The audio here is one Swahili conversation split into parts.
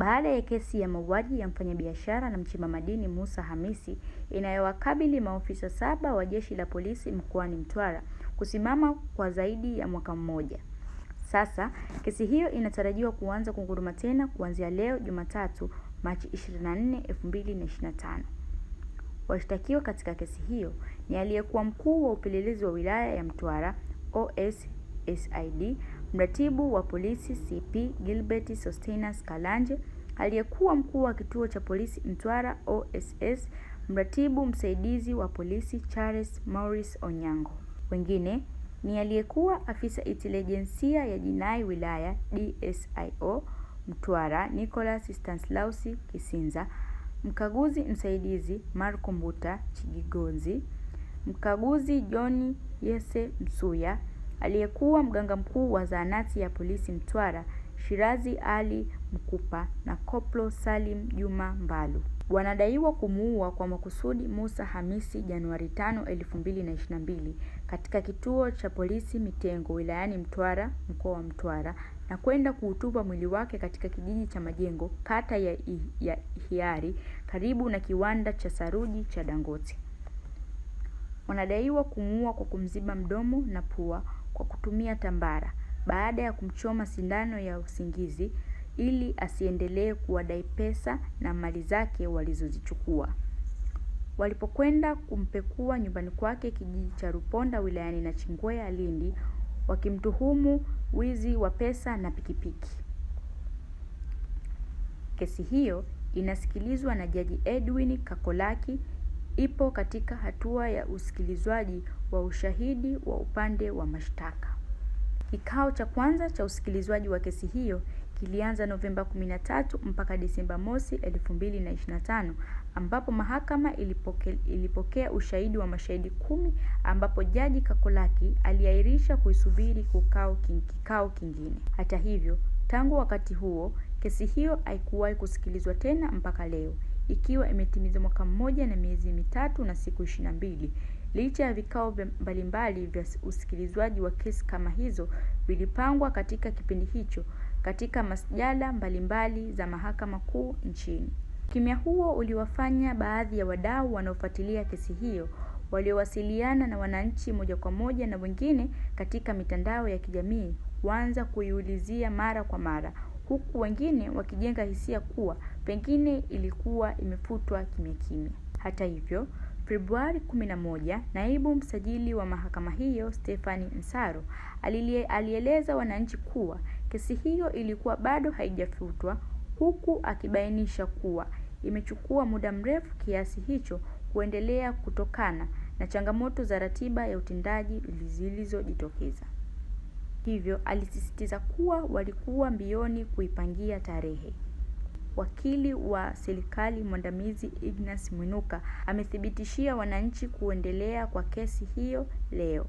baada ya kesi ya mauaji ya mfanyabiashara na mchimba madini Musa Hamisi inayowakabili maofisa saba wa Jeshi la Polisi mkoani Mtwara kusimama kwa zaidi ya mwaka mmoja. Sasa kesi hiyo inatarajiwa kuanza kunguruma tena kuanzia leo Jumatatu, Machi 24, 2025. Washtakiwa katika kesi hiyo ni aliyekuwa mkuu wa upelelezi wa wilaya ya Mtwara OSSID Mratibu wa polisi CP Gilbert Sosthenes Kalanje, aliyekuwa mkuu wa kituo cha polisi Mtwara OSS, mratibu msaidizi wa polisi Charles Morris Onyango. Wengine ni aliyekuwa afisa intelijensia ya jinai wilaya DSIO Mtwara Nicholas Stanislaus Kisinza, mkaguzi msaidizi Marco Mbuta Chigigonzi, mkaguzi John Yese Msuya Aliyekuwa mganga mkuu wa zahanati ya polisi Mtwara, Shirazi Ali Mkupa na Koplo Salim Juma Mbalu wanadaiwa kumuua kwa makusudi Musa Hamisi Januari 5, 2022 katika kituo cha polisi Mitengo wilayani Mtwara mkoa wa Mtwara na kwenda kuutupa mwili wake katika kijiji cha Majengo kata ya, ya Hiari karibu na kiwanda cha saruji cha Dangote. Wanadaiwa kumuua kwa kumziba mdomo na pua kwa kutumia tambara baada ya kumchoma sindano ya usingizi ili asiendelee kuwadai pesa na mali zake walizozichukua. Walipokwenda kumpekua nyumbani kwake kijiji cha Ruponda wilayani Nachingwea, Lindi, wakimtuhumu wizi wa pesa na pikipiki. Kesi hiyo inasikilizwa na Jaji Edwin Kakolaki ipo katika hatua ya usikilizwaji wa ushahidi wa upande wa mashtaka. Kikao cha kwanza cha usikilizwaji wa kesi hiyo kilianza Novemba 13 mpaka Disemba mosi 2025 ambapo mahakama ilipokea, ilipokea ushahidi wa mashahidi kumi ambapo Jaji Kakolaki aliahirisha kuisubiri kukao king, kikao kingine. Hata hivyo, tangu wakati huo kesi hiyo haikuwahi kusikilizwa tena mpaka leo ikiwa imetimiza mwaka mmoja na miezi mitatu na siku mbili Licha ya vikao mbalimbali vya usikilizwaji wa kesi kama hizo vilipangwa katika kipindi hicho katika masjala mbalimbali za Mahakama Kuu nchini. Ukimya huo uliwafanya baadhi ya wadau wanaofuatilia kesi hiyo waliowasiliana na wananchi moja kwa moja na wengine katika mitandao ya kijamii kuanza kuiulizia mara kwa mara huku wengine wakijenga hisia kuwa pengine ilikuwa imefutwa kimya kimya. Hata hivyo, Februari 11, naibu msajili wa mahakama hiyo Stefani Nsaro alieleza wananchi kuwa kesi hiyo ilikuwa bado haijafutwa huku akibainisha kuwa imechukua muda mrefu kiasi hicho kuendelea kutokana na changamoto za ratiba ya utendaji zilizojitokeza hivyo alisisitiza kuwa walikuwa mbioni kuipangia tarehe wakili wa serikali mwandamizi Ignas Mwinuka amethibitishia wananchi kuendelea kwa kesi hiyo leo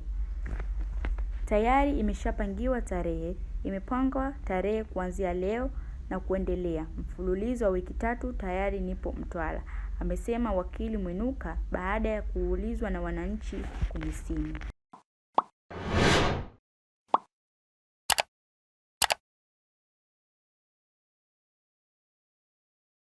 tayari imeshapangiwa tarehe imepangwa tarehe kuanzia leo na kuendelea mfululizo wa wiki tatu tayari nipo Mtwara amesema wakili Mwinuka baada ya kuulizwa na wananchi kwenye simu